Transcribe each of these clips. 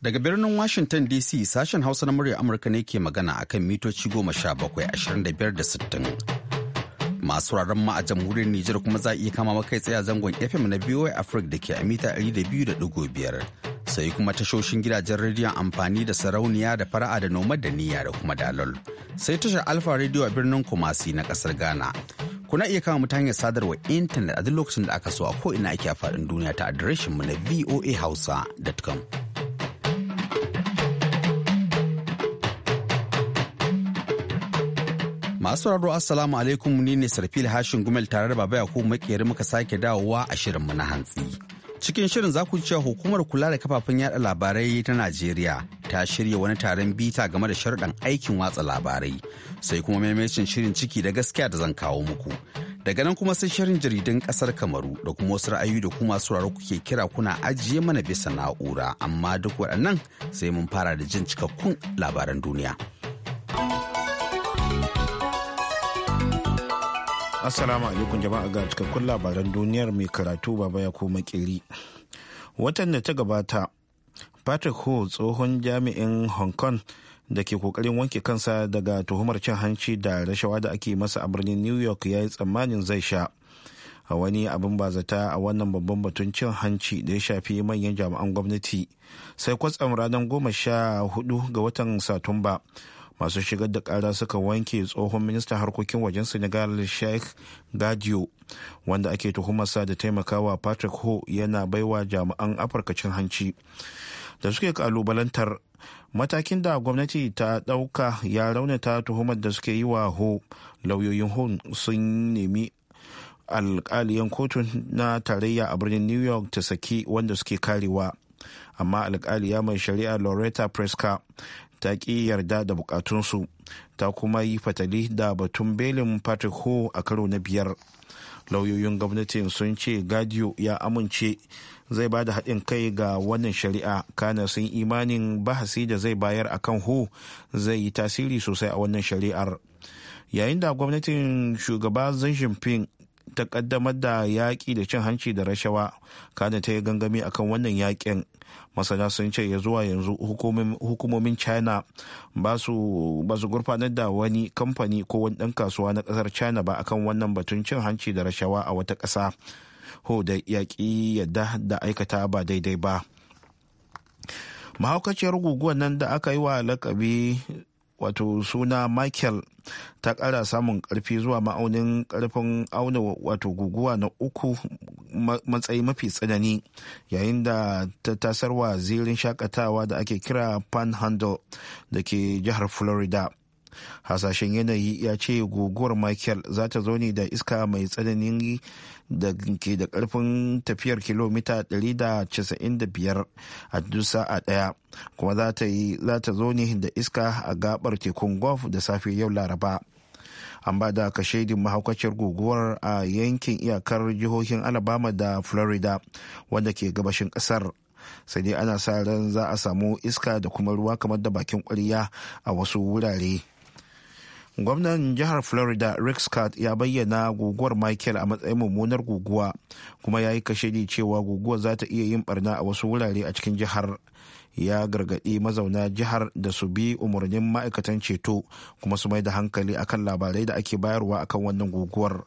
Daga birnin Washington DC sashen Hausa na murya Amurka ne ke magana a kan mitoci goma sha bakwai ashirin da biyar da sittin. Masu wuraren ma a jamhuriyar Nijar kuma za a iya kama makai tsaye a zangon FM na BOA Africa da ke a mita ɗari da biyu da ɗigo biyar. Sai kuma tashoshin gidajen rediyon amfani da sarauniya da fara'a da nomad da niyya da kuma dalol. Sai tashar Alfa Radio a birnin Kumasi na ƙasar Ghana. Kuna iya kama ta hanyar sadarwar intanet a duk lokacin da aka so a ko'ina ake a faɗin duniya ta adireshinmu na voahausa.com. Masu sauraro Assalamu alaikum ni ne Sarfil Hashin Gumel tare da Baba Yakubu Makeri muka sake dawowa a shirin mu na hantsi. Cikin shirin za ku cewa hukumar kula da kafafen yada labarai ta Najeriya ta shirya wani taron bita game da sharuɗan aikin watsa labarai sai kuma maimacin shirin ciki da gaskiya da zan kawo muku. Daga nan kuma sai shirin jaridan ƙasar Kamaru da kuma wasu ra'ayoyi da kuma sauraro kuke kira kuna ajiye mana bisa na'ura amma duk waɗannan sai mun fara da jin cikakkun labaran duniya. Assalamu alaikum jama'a ga cikakkun labaran duniyar mai karatu baba ya koma kiri. Watan da ta gabata, Patrick Ho tsohon jami'in Hong Kong da ke kokarin wanke kansa daga tuhumar cin hanci da rashawa da ake masa a birnin New York ya yi tsammanin zai sha. A wani abin ba zata a wannan babban batun cin hanci da ya shafi manyan jami'an gwamnati sai kwatsam ranar goma sha hudu ga watan Satumba. masu shigar da kara suka wanke tsohon ministan harkokin wajen senegal sheikh gadio wanda ake tuhumarsa da taimakawa patrick ho yana baiwa jami'an afirka cin hanci da suke kalubalantar matakin da gwamnati ta dauka ya raunata tuhumar da suke yi wa ho lauyoyin ho sun nemi alkaliyan kotun na tarayya a birnin new york ta saki wanda suke karewa amma alkaliya mai shari'a loretta preska ta ƙi yarda da bukatunsu ta kuma yi fatali da batun belin patrick ho a karo na biyar lauyoyin gwamnatin sun ce gadio ya amince zai ba da haɗin kai ga wannan shari'a kana sun imanin bahasi da zai bayar a kan ho zai yi tasiri sosai a wannan shari'ar yayin da gwamnatin shugaba xi jinping ta ƙaddamar da yaƙi da cin hanci da rashawa kana ta yi gangami kan wannan yaƙin masana sun ce ya zuwa yanzu hukumomin china ba su gurfanar da wani kamfani ko wani ɗan kasuwa na ƙasar china ba akan wannan batun cin hanci da rashawa a wata ƙasa ho da yaƙi yadda da aikata ba daidai ba mahaukaciyar guguwar nan da aka yi wa lakabi wato suna michael ta kara samun karfi zuwa ma'aunin karfin auna wato guguwa na uku matsayi mafi tsanani yayin da ta tasarwa zirin shakatawa da ake kira panhandle da ke jihar florida hasashen yanayi ya ce guguwar michael za ta zo ne da iska mai tsananin da ke da karfin tafiyar kilomita 195 a duk sa'a daya kuma za ta zo ne da iska a gabar tekun gulf da safe yau laraba an ba da shaidin mahaukaciyar guguwar a yankin iyakar jihohin alabama da florida wanda ke gabashin kasar sai dai ana sa ran za a samu iska da kuma ruwa kamar da bakin ƙwarya a wasu wurare gwamnan jihar florida rick scott ya bayyana guguwar michael a matsayin mummunar guguwa kuma ya yi kashedi cewa guguwar za ta iya yin barna a wasu wurare a cikin jihar ya gargaɗi mazauna jihar da su bi umarnin ma'aikatan ceto kuma su mai da hankali akan labarai da ake bayarwa akan wannan guguwar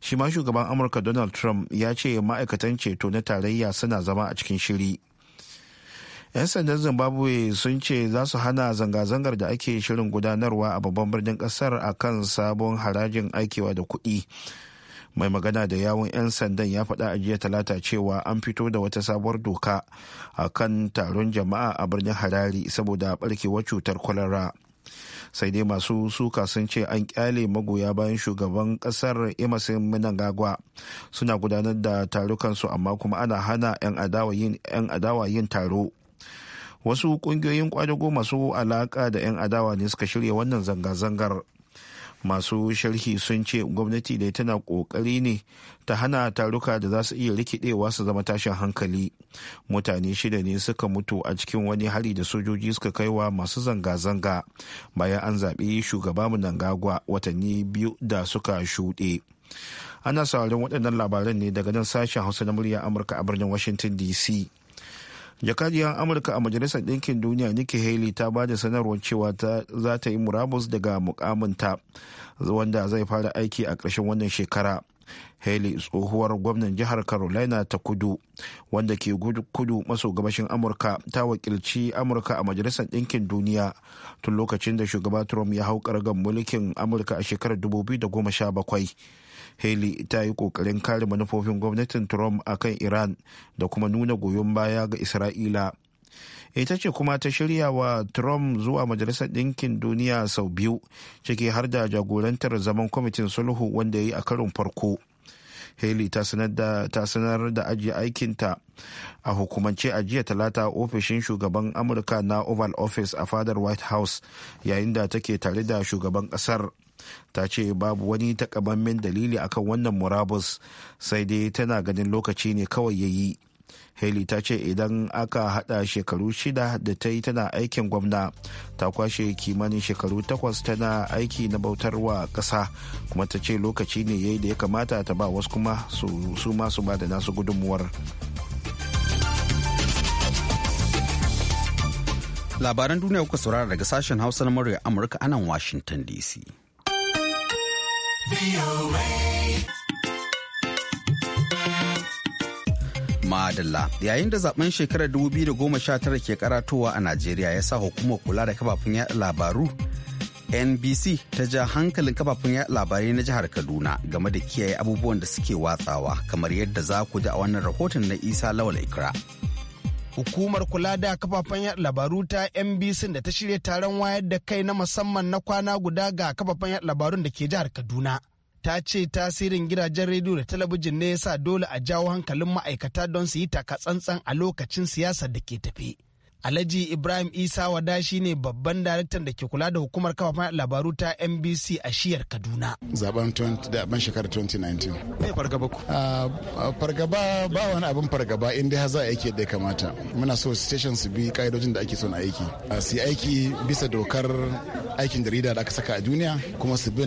shi ma shugaban amurka donald trump ya ce ma'aikatan ceto na tarayya suna zama a cikin shiri 'yan sandan zimbabwe sun ce za su hana zanga-zangar da ake shirin gudanarwa a babban birnin kasar a kan sabon harajin aikewa da kuɗi mai magana da yawon 'yan sandan ya faɗa a jiya talata cewa an fito da wata sabuwar doka a kan taron jama'a a birnin harari saboda barkewar cutar kwalara sai dai masu suka sun ce an kyale magoya bayan shugaban kasar emerson minangagwa suna gudanar da tarukansu amma kuma ana hana 'yan adawa yin taro wasu kungiyoyin kwadago masu alaka da 'yan adawa ne suka shirya wannan zanga-zangar masu sharhi sun ce gwamnati dai tana kokari ne ta hana taruka da za su iya rikidewa su zama tashin hankali mutane shida ne suka mutu a cikin wani hari da sojoji suka kai wa masu zanga-zanga bayan an zaɓi shugaba Mnangagwa watanni biyu da suka shuɗe ana sauraron waɗannan labaran ne daga nan sashen hausa na murya amurka a birnin washington dc jakadiyar amurka a majalisar ɗinkin duniya nikki haley ta ba da sanarwar cewa za ta yi murabus daga mukaminta wanda zai fara aiki a ƙarshen wannan shekara haley tsohuwar gwamnan jihar carolina ta kudu wanda ke kudu maso gabashin amurka ta wakilci amurka a majalisar ɗinkin duniya tun lokacin da shugaba trump ya hau ƙargan mulkin amurka a shekarar 2017 haley ta yi kokarin kare manufofin gwamnatin trump a kan iran da kuma nuna goyon baya ga isra'ila ita ce kuma ta shirya wa trump zuwa majalisar ɗinkin duniya sau biyu ciki har da jagorantar zaman kwamitin sulhu wanda ya yi a karin farko haley ta sanar da ajiye aikinta a hukumance a jiya talata ofishin shugaban amurka na oval office a fadar white house yayin da take tare da shugaban kasar ta ce babu wani takamammen dalili akan wannan murabus sai dai tana ganin lokaci ne kawai ya yi haley ta ce idan aka hada shekaru shida da ta yi tana aikin gwamna ta kwashe kimanin shekaru takwas tana aiki na bautarwa kasa kuma ta ce lokaci ne ya yi da ya kamata ta ba wasu kuma su masu ba da nasu gudunmuwar labaran duniya kuka saurara daga sashen hausa na murya amurka anan washington dc Madalla yayin da zaben shekarar 2019 ke karatowa a Najeriya ya sa hukumar kula da kafafen yaɗa labaru NBC ta ja hankalin kafafen yaɗa labarai na jihar Kaduna game da kiyaye abubuwan da suke watsawa kamar yadda za ku ji a wannan rahoton na Isa Lawal Ikra. Hukumar kula da kafafen yaɗa labaru ta NBC da ta shirya taron wayar da kai na musamman na kwana guda ga kafafen yaɗa labarun da ke jihar Kaduna. Ta ce tasirin gidajen rediyo da talabijin ne ya sa dole a jawo hankalin ma'aikata don su yi taka tsantsan a lokacin siyasar da ke tafi. Alhaji Ibrahim Isa Wada ne babban daraktan da ke kula da hukumar kafafen labaru ta NBC a shiyar Kaduna. Zaben zaben shekarar 2019. Me fargaba ku? Ah, ah, fargaba ba wani abin fargaba inda dai za a aiki yadda ya kamata. Muna so station su bi ka'idojin da ake son aiki. Ah, su aiki bisa dokar aikin jarida da aka saka a duniya kuma su bi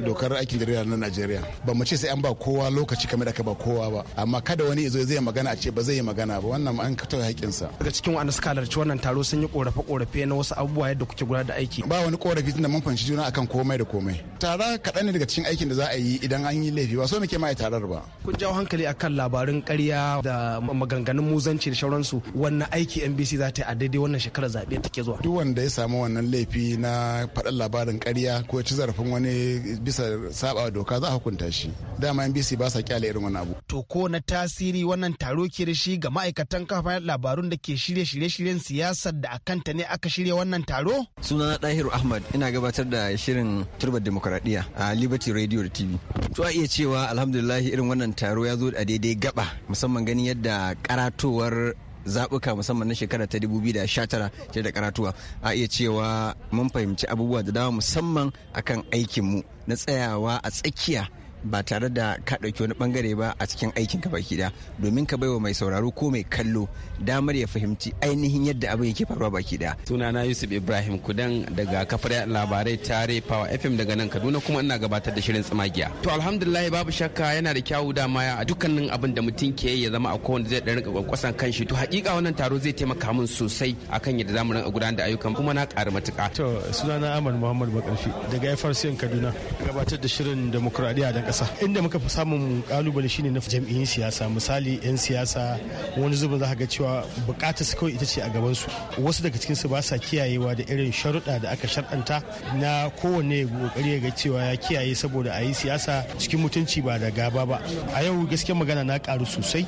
dokar aikin jarida na Najeriya. Ba mu ce sai an ba kowa lokaci kamar da aka ba kowa ba. Amma kada wani ya zo zai magana a ce ba zai yi magana ba wannan an kato haƙƙinsa. Daga cikin wa'anda suka halarci wannan taro sun yi korafe-korafe na wasu abubuwa yadda kuke gudanar da aiki ba wani korafi tunda mun fahimci juna akan komai da komai tara kaɗan ne daga cikin aikin da za a yi idan an yi laifi ba so muke ma tarar ba kun jawo hankali akan labarin ƙarya da maganganun muzanci da sauransu wannan aiki NBC za ta yi a daidai wannan shekarar zaɓe take zuwa duk wanda ya samu wannan laifi na faɗan labarin ƙarya ko ci zarafin wani bisa saba doka za a hukunta shi dama NBC ba sa kyale irin wannan abu to ko na tasiri wannan taro ke da shi ga ma'aikatan kafa labarun da ke shirye shirye-shiryen siyasar da akanta ne aka shirya wannan taro? Sunana Dahiru Ahmad ina gabatar da shirin turbar demokuraɗiyya a Liberty Radio da TV. To a iya cewa alhamdulillah irin wannan taro ya zo a daidai gaba musamman ganin yadda karatowar zaɓuka musamman na shekara ta 2019 ce da karatuwa a iya cewa mun fahimci abubuwa da dama musamman akan aikinmu na tsayawa a tsakiya ba tare da ka ɗauki wani bangare ba a cikin aikin ka baki ɗaya domin ka baiwa mai sauraro ko mai kallo damar ya fahimci ainihin yadda abin yake faruwa baki ɗaya. sunana yusuf ibrahim kudan daga kafar labarai tare power fm daga nan kaduna kuma ina gabatar da shirin tsamagiya to alhamdulillah babu shakka yana da kyawu dama a dukkanin abin da mutum ke ya zama a kowanne zai ɗan rika kwankwasan kanshi to hakika wannan taro zai taimaka min sosai akan yadda zamu rinka gudanar da ayyukan kuma na ƙara matuƙa. to sunana ahmad muhammad bakarfi daga frcn kaduna gabatar da shirin demokradiya da ƙasa inda muka fi samun kalubale shine na jam'iyyun siyasa misali 'yan siyasa wani zubin za ga cewa bukatar su kawai ita ce a gaban su wasu daga cikin su ba sa kiyayewa da irin sharuɗa da aka sharɗanta na kowanne kokari ga cewa ya kiyaye saboda a yi siyasa cikin mutunci ba da gaba ba a yau gaskiya magana na karu sosai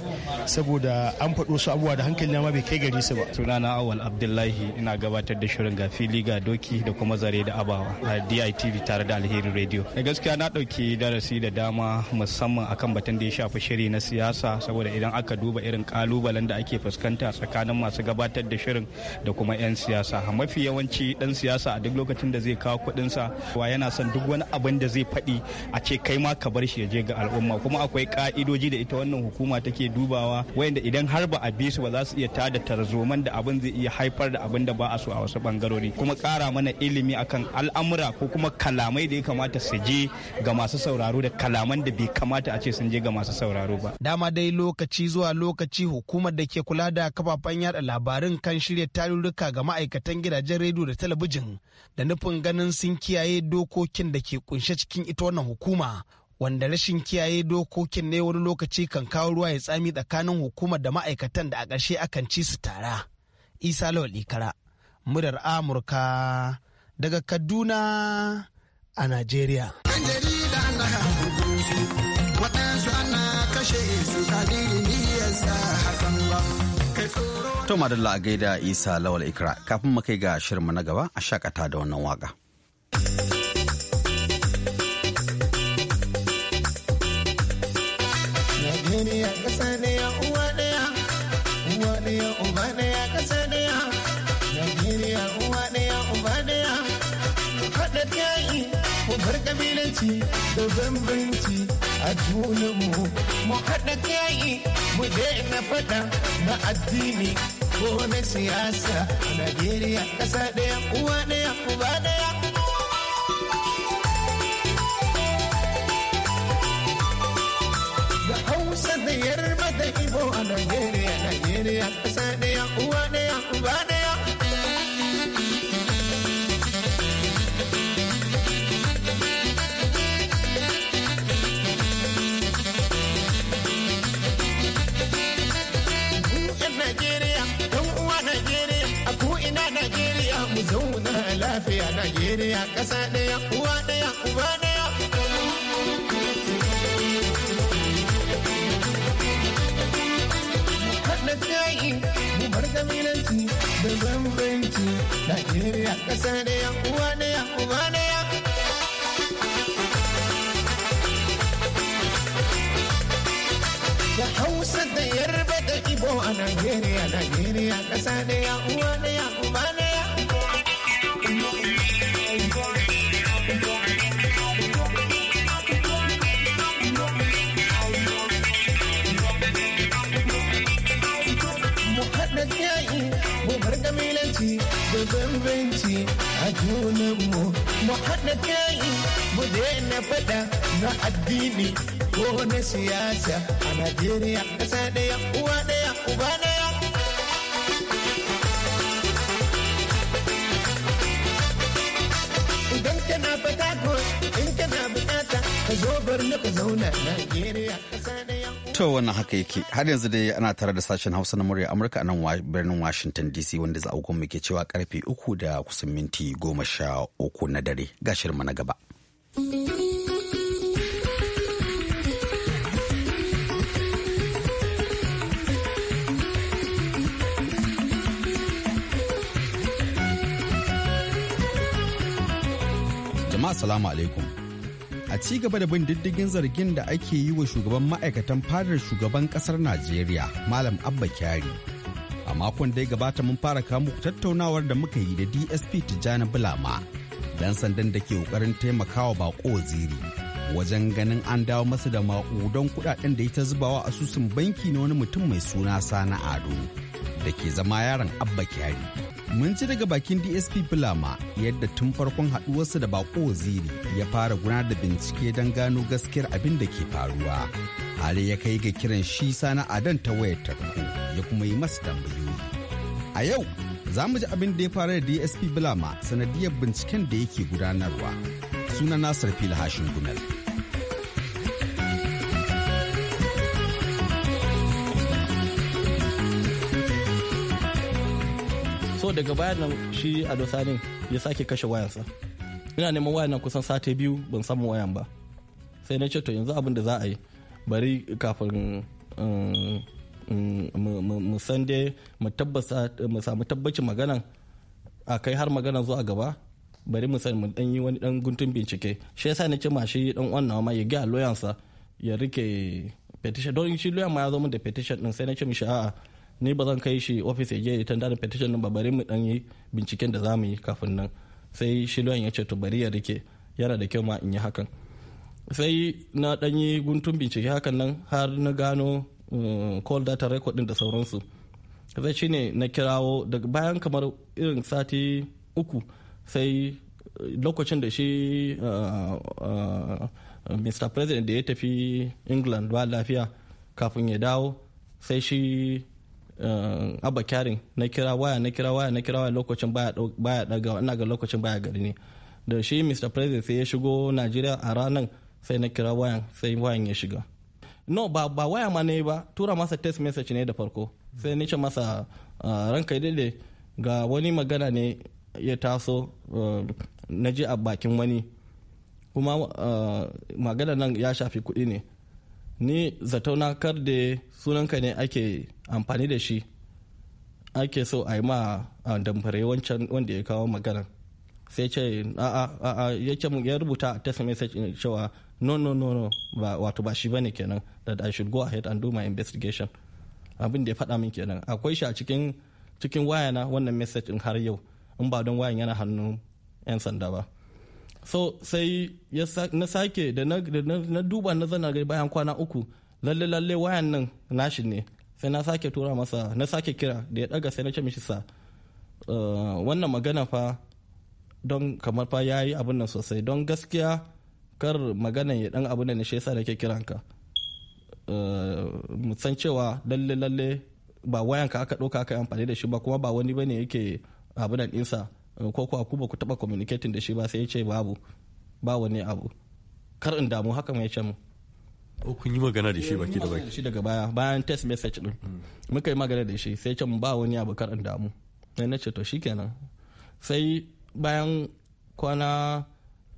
saboda an faɗo su abubuwa da hankali ma bai kai gare su ba sunana awal abdullahi ina gabatar da shirin ga fili ga doki da kuma zare da abawa a ditv tare da alheri radio eh, gaskiya na ɗauki darasi da dama musamman akan batun da ya shafi shiri na siyasa saboda idan aka duba irin kalubalen da ake fuskanta tsakanin masu gabatar da shirin da kuma 'yan siyasa mafi yawanci dan siyasa a duk lokacin da zai kawo kudinsa. wa yana son duk wani abin da zai faɗi a ce kai ma ka bar shi ya je ga al'umma kuma akwai ka'idoji da ita wannan hukuma take dubawa wayanda idan har ba a bi su ba za su iya tada tarzoman da abin zai iya haifar da abin da ba a so a wasu bangarori kuma kara mana ilimi akan al'amura ko kuma kalamai da ya kamata su je ga masu sauraro da kalaman da bai kamata a ce sun je ga masu sauraro ba. Dama dai lokaci zuwa lokaci hukumar da ke kula da kafafen yada labarin kan shirya tarurruka ga ma'aikatan gidajen rediyo da talabijin da nufin ganin sun kiyaye dokokin da ke kunshe cikin ita wannan hukuma. Wanda rashin kiyaye dokokin ne wani lokaci kan kawo ruwa ya tsami tsakanin hukumar da ma'aikatan da a ƙarshe akan ci su tara. Isa Lawal Ikara, murar Amurka daga Kaduna a Najeriya. To madalla a gaida Isa Lawal Ikra kafin mu kai ga shirinmu na gaba a shakata da wannan waka. bambanci da bambanci a junanmu mu haɗa kai mu daina faɗa na addini ko na siyasa a Najeriya ƙasa ɗaya uwa ɗaya uba ɗaya. Da Hausa da Najeriya ƙasa ɗaya uwa ɗaya uba ɗaya. kaɗa kai mu bar kabilanci da bambanci Najeriya ƙasa ɗaya uwa ɗaya uba ɗaya. Da Hausa da Yarba da Ibo a Najeriya, Najeriya ƙasa ɗaya uwa ɗaya uba ɗaya. haɗa kai mu daina faɗa na addini ko na siyasa a Najeriya ƙasa ɗaya uwa ɗaya uba ɗaya. Idan kana fata ko in kana ka zo bar ka zauna Najeriya. To wannan haka yake har yanzu dai ana tare da sashen Hausa na murya Amurka a nan birnin Washington DC wanda za a muke cewa karfe uku da kusan minti goma sha uku na dare ga shirma na gaba. Jama'a salamu alaikum. a ci gaba da bin diddigin zargin da ake yi wa shugaban ma'aikatan fadar shugaban kasar najeriya malam abba kyari a makon da ya gabata mun fara muku tattaunawar da muka yi da dsp tijjani bulama dan sandan da ke kokarin taimakawa bako ziri wajen ganin an dawo masa da maƙudan kudaden da ya ta zubawa asusun banki na wani mutum mai suna sana ado da ke zama yaron abba kyari mun ci daga bakin dsp bulama yadda tun farkon haɗuwarsa da bako waziri ya fara gudanar da bincike don gano gaskiyar abin da ke faruwa hali ya kai ga kiran shi sana adan ta wayar tarko ya kuma yi masa tambayoyi a yau za mu ji abin da ya fara da dsp bulama sanadiyar binciken da yake gudanarwa suna Nasir fil hashin gumel so daga bayan nan shi a dosanin ya sake kashe wayansa ina neman wayan nan kusan sati biyu ban samu wayan ba sai na ce to yanzu abin da za a yi bari kafin um, um, mu san dai mu samu tabbacin maganan a kai har magana zuwa gaba bari mu sani mu dan yi wani dan guntun bincike shi yasa na ce ma shi dan wannan ma ya ga loyansa ya rike petition don shi loyan ma ya zo mun da petition din sai na ce mishi a'a ni ba zan kai shi ofis ya je ya tanda da petition din ba bari mu dan yi binciken da za yi kafin nan sai shi ya ce to bari ya rike yana da kyau ma in yi hakan sai na dan yi guntun bincike hakan nan har na gano eh, call data record din da sauransu zai shine na kirawo daga bayan kamar irin sati uku sai lokacin da shi eh, eh, mr president da ya tafi england ba lafiya kafin ya dawo sai shi Eh, abba kyarin na kira waya na kira waya na kira waya lokacin baya daga ina ga lokacin baya gari ne da shi mr president sai ya shigo najeriya a ranar sai na kira wayan sai wayan ya shiga no ba ba waya ma ne ba tura masa text message ne da farko sai nice masa ah, ranka daidai ga wani magana ne ya taso eh, na ji a bakin wani kuma eh, magana nan ya shafi kuɗi ne ni zatauna kar da sunanka ne ake amfani da shi ake so a yi ma damfare wancan wanda ya kawo magana sai ce a'a a'a ya ce ya rubuta ta same sai cewa no no no no ba wato ba shi bane kenan that I should go ahead and do my investigation abin da ya faɗa min kenan akwai shi a cikin cikin wayana wannan message in har yau in ba don wayan yana hannun 'yan sanda ba so sai na sake da na duba na zana gari bayan kwana uku lalle lalle wayan nan nashi ne sai na sake tura masa na sake kira da ya daga sai na ce mishi sa ah, wannan magana fa don kamar fa ya yi abin nan sosai don gaskiya kar magana ya dan abin da shi sa da ke kiranka ah, mu san cewa lalle lalle ba wayanka aka ɗauka aka amfani da shi ba kuma ba wani bane yake abin nan ɗinsa Eh, ko kuwa ku ba ku taba communicating da shi ba sai ya ce babu ba wani abu kar in damu haka mai ce mu o oh, kun yi magana da shi baki da eh, baki shi daga baya bayan test message din hmm. muka yi magana da shi sai ce mu ba wani abu kar in damu sai na ce to shikenan sai bayan kwana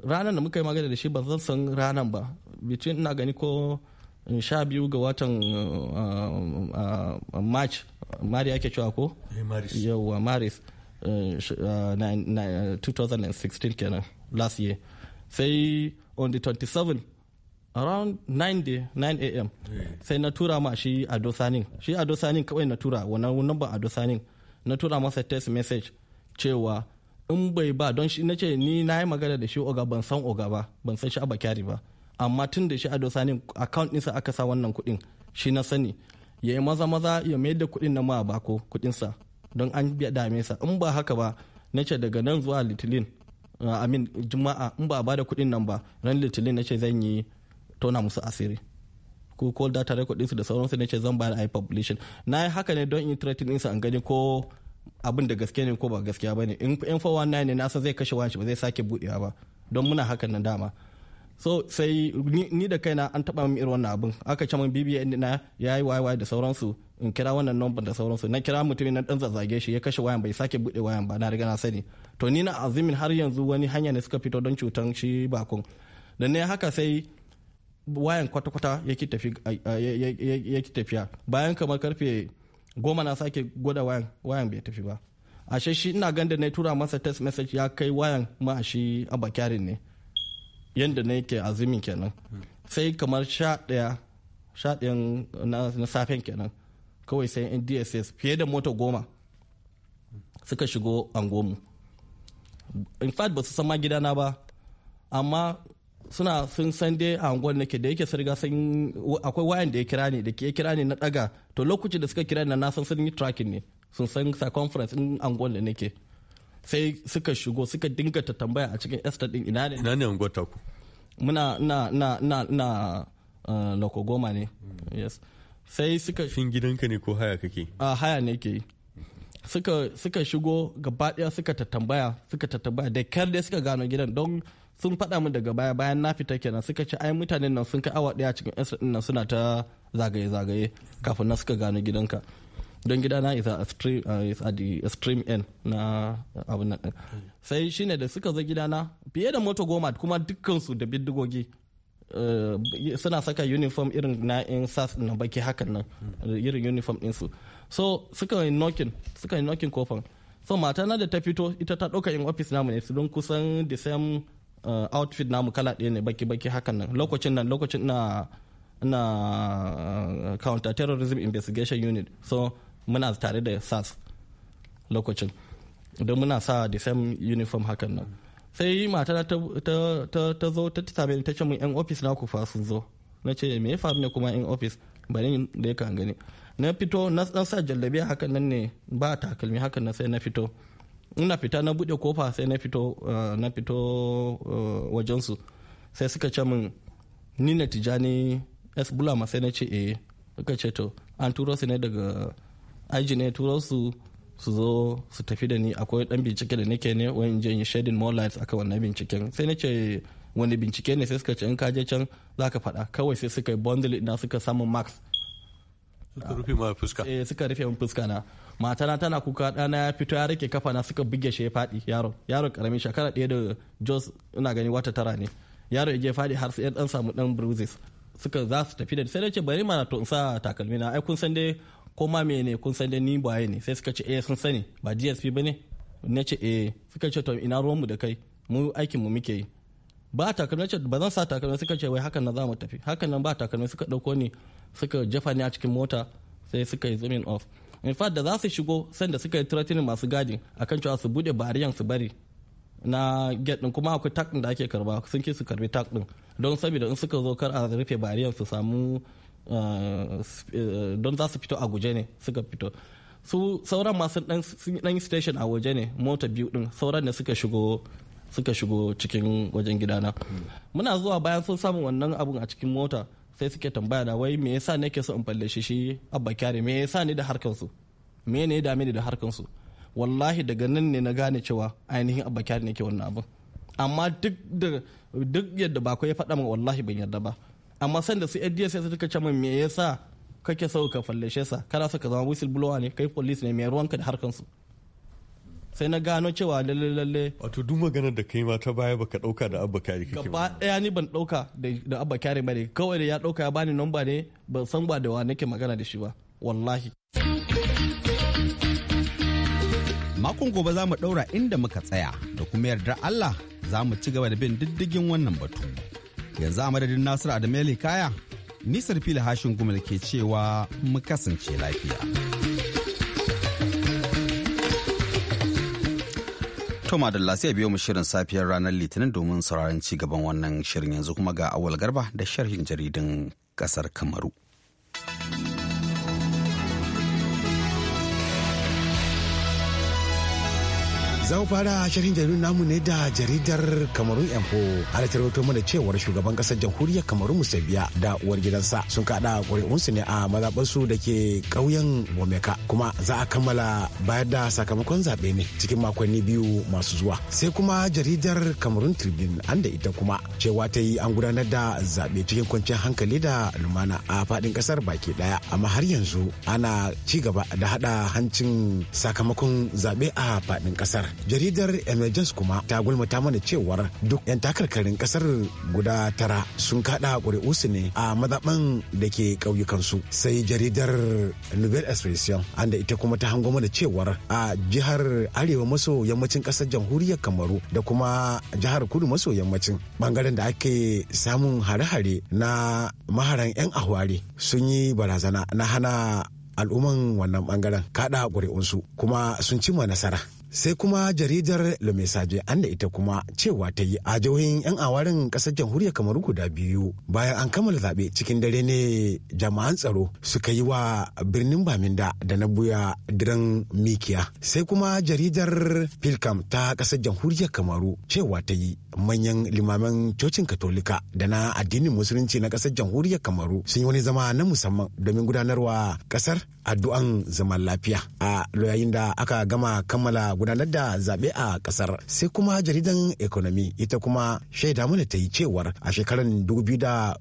ranar da muka yi magana da shi ba zan san ranar ba between ina gani ko eh, sha biyu ga watan march mari ake cewa ko yawa maris 2016 kenan last year sai on the 27 around 9 day 9 a.m. sai na tura ma shi ado sanin shi ado sanin kawai na tura wannan number ado sanin na tura masa text message cewa in bai ba don shi na ce ni na yi magana da shi oga ban san oga ba ban san shi a bakari ba amma tun da shi ado sanin account ɗinsa aka sa wannan kuɗin shi na sani ya yi maza maza ya mayar da kuɗin na ma bako kuɗinsa don an dame sa in ba haka ba na ce daga nan zuwa litinin uh, amin juma'a in ba a bada kuɗin nan ba ran litinin na ce zan yi tona musu asiri ko call data record din su da sauransu na ce zan bayar a yi publication na yi haka ne don in threatening su an gani ko abin da gaske ne ko ba gaskiya ba ne in na yi ne na san zai kashe wani ba zai sake buɗewa ba don muna hakan na dama so sai ni da kaina an taba min irin wannan abin aka ce min bbn na yayi wayewaye da sauransu in kira wannan number da sauransu na kira mutumin na dan zazzage shi ya kashe wayan bai sake bude wayan ba na riga na sani to ni na azumin har yanzu wani hanya ne suka fito don cutan shi bakon da ne haka sai wayan kwata-kwata yake tafiya bayan kamar karfe goma na sake gwada wayan wayan bai tafi ba ashe shi ina da na tura masa test message ya kai wayan ma shi abakiyarin ne yadda na yake azumin kenan sai kamar sha ɗaya sha ɗayan na safen kenan kawai sai in dss fiye da mota goma suka shigo angomu in fact ba su san ma gidana ba amma suna sun san dai a angon nake da yake sarga sun akwai wayan da ya kira ni da ke kira ni na daga to lokacin da suka kira ni na san sun yi tracking ne sun san circumference in angon da nake sai suka shigo suka dinga ta tambaya a cikin estate din ina ne ina ne unguwar ku. muna na na na na eh, loko goma ne yes sai suka shin gidanka ne ko haya kake a haya ne ke suka suka shigo gaba daya suka ta tambaya suka ta tambaya da kar dai suka gano gidan don sun faɗa min daga baya bayan na fita kenan suka ce ai mutanen nan sun kai awa daya cikin estate din nan suna ta zagaye zagaye kafin na suka gano gidanka don gida na uh, is at the extreme end na abin nan hmm. sai shi ne da suka zo gida na fiye da mota goma kuma dukkansu da bindigogi eh, suna saka uniform irin na in sas na baki hakan nan hmm. irin uniform ɗinsu so suka yi knocking suka yi knocking kofan so mata na da ta fito ita ta ɗauka in office namu ne su don kusan the same uh, outfit namu kala ɗaya ne baki-baki hakan nan lokacin nan lokacin na na eh, counter terrorism investigation unit so muna tare da sas lokacin don muna sa the same uniform hakan nan sai yi mata ta zo ta same ta ce mun yan ofis na ku fa sun zo na ce me ya faru ne kuma yan ofis bari da ya kan gani na fito na sa jallabi hakan nan ne ba takalmi hakan nan sai na fito ina fita na bude kofa sai na fito eh, na fito eh, wajensu sai suka ce min ni na tijani s bulama sai na ce eh suka ce to an turo su ne daga aji ne turo su su zo su tafi da ni akwai dan bincike da nake ne wani je yi shedding more light akan wannan binciken sai nace wani bincike ne sai suka ce in ka je can za ka faɗa kawai sai suka yi bundle ina suka samu max suka rufe ma fuska eh suka rufe min fuska na matana tana kuka ɗana ya fito ya rike kafa na suka buge shi ya faɗi yaro yaro karamin shekara ɗaya da jos ina gani wata tara ne yaro ya je faɗi har sai dan samu dan bruises suka za su tafi da sai nace ce bari mana to in sa takalmi na ai kun san dai ko ma mene kun san da ni baye ne sai suka ce eh sun sani ba dsp ba ne na ce eh suka ce to ina ruwan mu da kai mu aikin mu muke yi ba takalmi ce ba zan sa takalmi suka ce wai hakan nan za mu tafi hakan nan ba takalmi suka dauko ni suka jefa ni a cikin mota sai suka yi zooming off in fact da za su shigo sanda suka yi threatening masu gadin akan cewa su bude bariyan su bari na get din kuma akwai tak da ake karba sun ki su karbi tak din don saboda in suka zo kar a rufe bariyan su samu Uh, uh, don za su fito a guje ne suka fito su sauran masu dan station a waje ne mota biyu din sauran ne suka shigo suka shigo cikin wajen gidana muna zuwa bayan sun samu wannan abun a cikin mota sai suke tambaya da wai me yasa nake so in falle shi shi abba kyare me yasa ne da harkan su me ne da da harkan su wallahi daga nan ne na gane cewa ainihin abba kyare nake wannan abun amma duk da duk yadda ba ya faɗa min wallahi ban yarda ba amma san da su sai suka ce min me yasa kake so ka fallashe sa kana so ka zama whistle blower ne kai police ne mai ruwanka da harkan su sai na gano cewa lalle lalle wato duk maganar da kai ma ta baya baka dauka da abba kari kake gaba daya ni ban dauka da abba kari bane kawai da ya dauka ya bani number ne ban san ba da wa nake magana da shi ba wallahi makon gobe za mu daura inda muka tsaya da kuma yarda Allah za mu ci gaba da bin diddigin wannan batu yanzu a madadin nasiru adamele kaya nisar fili hashin gumal ke cewa mu kasance lafiya to da sai biyo mu shirin safiyar ranar litinin domin sauraron ci gaban wannan shirin yanzu kuma ga awal garba da sharhin jaridin kasar kamaru Za mu fara shirin jaridun namu ne da jaridar Kamarun Enfo. Ana tarwato mana cewa shugaban kasar jamhuriyar Kamarun Musabiya da uwar gidansa sun kada ƙuri'unsu ne a mazaɓarsu da ke ƙauyen Wameka kuma za a kammala bayar da sakamakon zaɓe ne cikin makonni biyu masu zuwa. Sai kuma jaridar Kamarun Tribune an da ita kuma cewa ta yi an gudanar da zaɓe cikin kwanciyar hankali da lumana a faɗin ƙasar baki ɗaya amma har yanzu ana ci gaba da haɗa hancin sakamakon zaɓe a faɗin ƙasar. jaridar emergence kuma ta gulmata mana cewar duk 'yan takarkarin kasar guda tara sun kada su ne a mazaɓan da ke ƙauyukansu sai jaridar nouvelle expression anda ita kuma ta hango mana cewar a jihar arewa maso yammacin ƙasar jamhuriyar kamaru da kuma jihar kudu maso yammacin bangaren da ake samun hare-hare na maharan 'yan ahware sun yi barazana na hana al'umman wannan bangaren kada ƙuri'unsu kuma sun cimma nasara sai kuma jaridar le message an da ita kuma cewa ta yi a jihohin yan awarin kasar jamhuriyar kamaru guda biyu bayan an kammala zaɓe cikin dare ne jama'an tsaro suka yi wa birnin baminda da na buya diran mikiya sai kuma jaridar filkam ta kasar jamhuriyar kamaru cewa ta yi manyan limaman cocin katolika da na addinin musulunci na kasar jamhuriyar kamaru sun yi wani zama na musamman domin gudanarwa kasar addu'an zaman lafiya a loyayin da aka gama kammala gudanar da zaɓe a ƙasar sai kuma jaridan economy ita kuma shaida mana ta yi cewar a shekarar 2018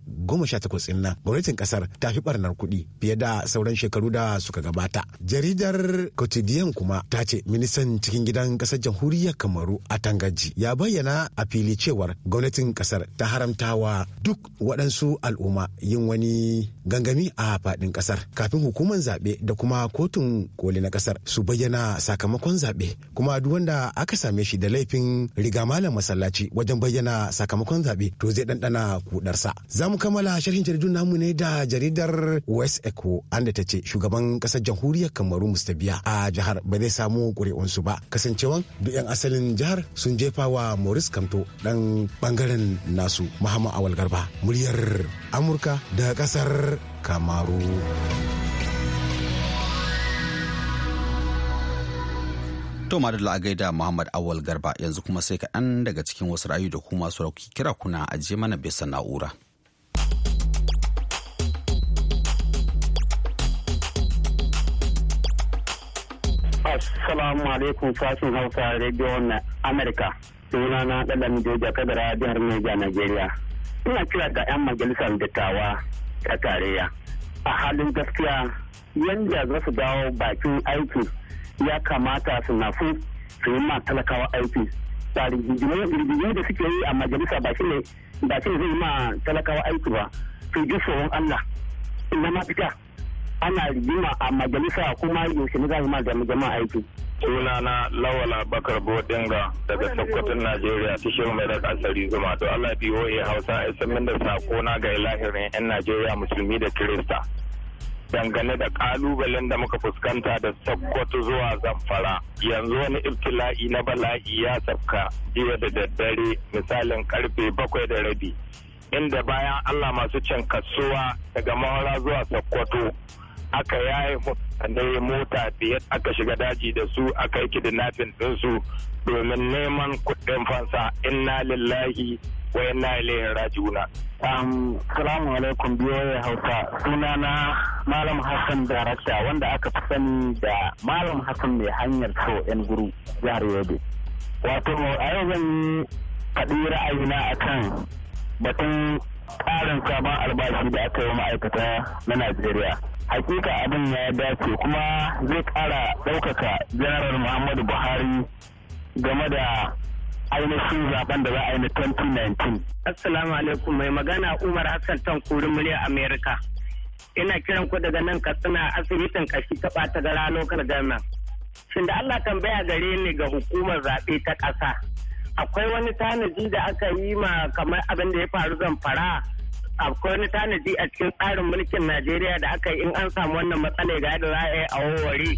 ɗin nan gwamnatin ƙasar ta fi barnar kuɗi fiye da sauran shekaru da suka gabata jaridar quotidien kuma ta ce ministan cikin gidan ƙasar jamhuriyar kamaru a tangaji ya bayyana a fili cewar gwamnatin ƙasar ta haramtawa duk waɗansu al'umma yin wani gangami a faɗin ƙasar kafin hukumar zaɓe da kuma kotun koli na ƙasar su bayyana sakamakon zaɓe kuma duk wanda aka same shi da laifin riga malam masallaci wajen bayyana sakamakon zaɓe to zai ɗanɗana kudarsa za mu kammala sharhin jaridun namu ne da jaridar west echo an da ta ce shugaban ƙasar jamhuriyar kamaru mustabiya a jihar ba zai samu su ba kasancewan duk 'yan asalin jihar sun jefa wa maurice kamto ɗan ɓangaren nasu muhammad awal garba muryar amurka da ƙasar kamaru To madalla a gaida Muhammad Awal Garba yanzu kuma sai kaɗan daga cikin wasu ra'ayi da kuma su rauki kira kuna ajiye mana bisa na'ura. Assalamu alaikum sashen Hausa Radio na Amerika. Suna na ɗaɗa Joja Kadara jihar Niger Nigeria. Ina kira ga 'yan majalisar dattawa ta tarayya. A halin gaskiya yanda za su dawo bakin aiki ya kamata su na su yi ma talakawa aiki ba rigimu da suke yi a majalisa ba shi ne ba shi zai ma talakawa aiki ba su ji tsoron Allah ina mafita ana rigima a majalisa kuma yaushe ne za ma jama'a aiki. sunana lawala bakar bodinga daga sokoton najeriya shirin mai da asali zuma to allah ya hausa ya san da sako na ga ilahirin yan najeriya musulmi da kirista dangane da kalubalen da muka fuskanta da sakkwato zuwa zamfara yanzu wani ibtila'i na bala'i ya sabka jiya da daddare misalin karfe bakwai da rabi inda bayan allah masu cin kasuwa daga mahara zuwa sakkwato aka yaye mutane mota biyar aka shiga daji da su aka yi kidnapping ɗinsu domin neman kuɗin fansa inna lillahi wayan na ilaihi raji'una um salamu alaikum biyoyi hausa sunana malam hassan darakta wanda aka fi sani da malam hassan mai hanyar so yan guru jihar yobe wato a yau zan yi faɗi ra'ayina kan batun ƙarin sabon albashi da aka yi ma'aikata na najeriya hakika abin ya dace kuma zai ƙara ɗaukaka janar muhammadu buhari game da ainihin zaben da za a yi na 2019. Assalamu alaikum mai magana Umar Hassan Tankuri murya Amerika. Ina kiran ku daga nan Katsina asibitin kashi ta ɓata gara lokal gana. Shin da Allah tambaya gare ni ga hukumar zaɓe ta ƙasa. Akwai wani tanaji da aka yi ma kamar abin da ya faru zamfara akwai wani tanaji a cikin tsarin mulkin Najeriya da aka yi in an samu wannan matsala ga yadda za a yi a wawari.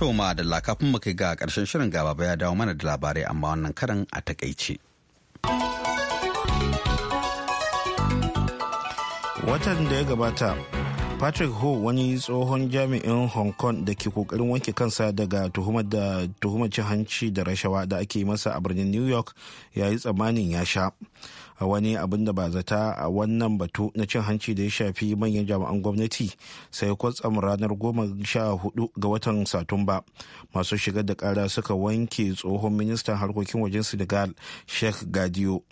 To ma da kafin mu kai ga karshen shirin gaba ya dawo mana da labarai amma wannan karan a takaice. Watan da ya gabata Patrick Ho wani tsohon jami'in Hong Kong da ke kokarin wanke kansa daga tuhumar da tuhumar cin hanci da rashawa da ake masa a birnin New York ya yi tsammanin ya sha. a wani abin da ba zata a wannan batu na cin hanci da ya shafi manyan jami'an gwamnati sai kwatsam ranar goma sha hudu ga watan satumba masu shigar da kara suka wanke tsohon ministan harkokin wajen senegal sheikh gadiyo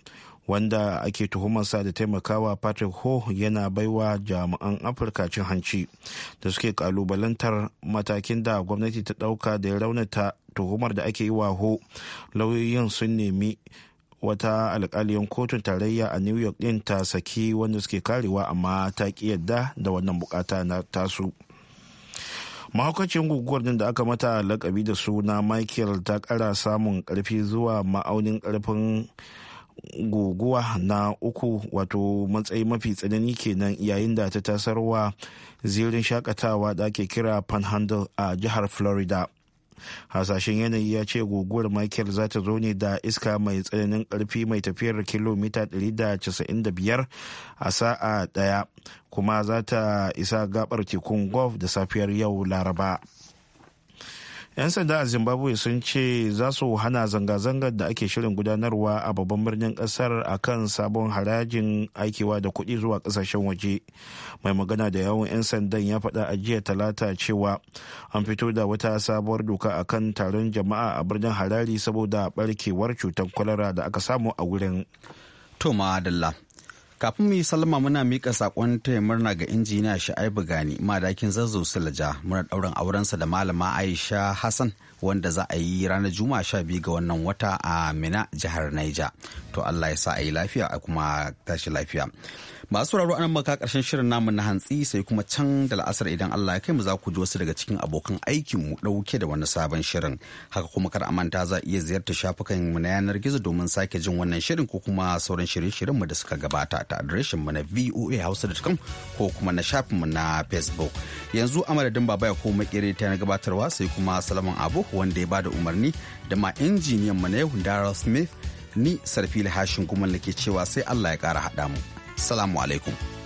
wanda ake tuhumarsa da taimakawa patrick ho yana baiwa jami'an afirka cin hanci da suke kalubalantar matakin da gwamnati ta dauka da ya raunata tuhumar da ake yi wa ho lauyoyin sun nemi wata alkaliyan kotun tarayya a new york din ta saki wanda suke karewa amma ta ki yadda da wannan bukata na tasu mahaukacin guguwar da aka mata lakabi da suna michael ta kara samun karfi zuwa ma'aunin karfin guguwa na uku wato matsayi mafi tsanani kenan yayin da ta tasarwa zirin shakatawa da ake kira panhandle a jihar florida hasashen yanayi ya ce guguwar michael za ta zo ne da iska mai tsananin karfi mai tafiyar kilomita 195 a sa'a daya kuma za ta isa gabar tekun golf da safiyar yau laraba 'yan sanda a zimbabwe sun ce za su hana zanga-zangar da ake shirin gudanarwa a babban birnin kasar a kan sabon harajin aikewa da kuɗi zuwa ƙasashen waje mai magana da yawon 'yan sandan ya faɗa a jiya talata cewa an fito da wata sabuwar doka a kan taron jama'a a birnin harari saboda ɓarkewar cutar kwalara da aka samu a wurin kafin mu yi sallama muna mika sakon taya murna ga injiniya sha'ibu gani madakin zazzau silaja muna ɗaurin aurensa da malama aisha hassan wanda za a yi ranar juma'a sha biyu ga wannan wata a mina jihar naija to allah ya sa a yi lafiya a kuma tashi lafiya masu sauraro anan maka karshen shirin namu na hantsi sai kuma can da la'asar idan Allah ya kai mu za ku ji wasu daga cikin abokan aikin mu dauke da wani sabon shirin haka kuma kar a manta za iya ziyarta shafukan mu na yanar gizo domin sake jin wannan shirin ko kuma sauran shirye-shiryen mu da suka gabata ta adireshin mu na voahausa.com ko kuma na shafinmu na facebook yanzu a madadin baba ya koma kere ta na gabatarwa sai kuma salaman abu wanda ya bada umarni da ma injiniyan mu na yau daryl smith ni sarfili hashin kuma da ke cewa sai allah ya kara haɗa mu salamu alaikum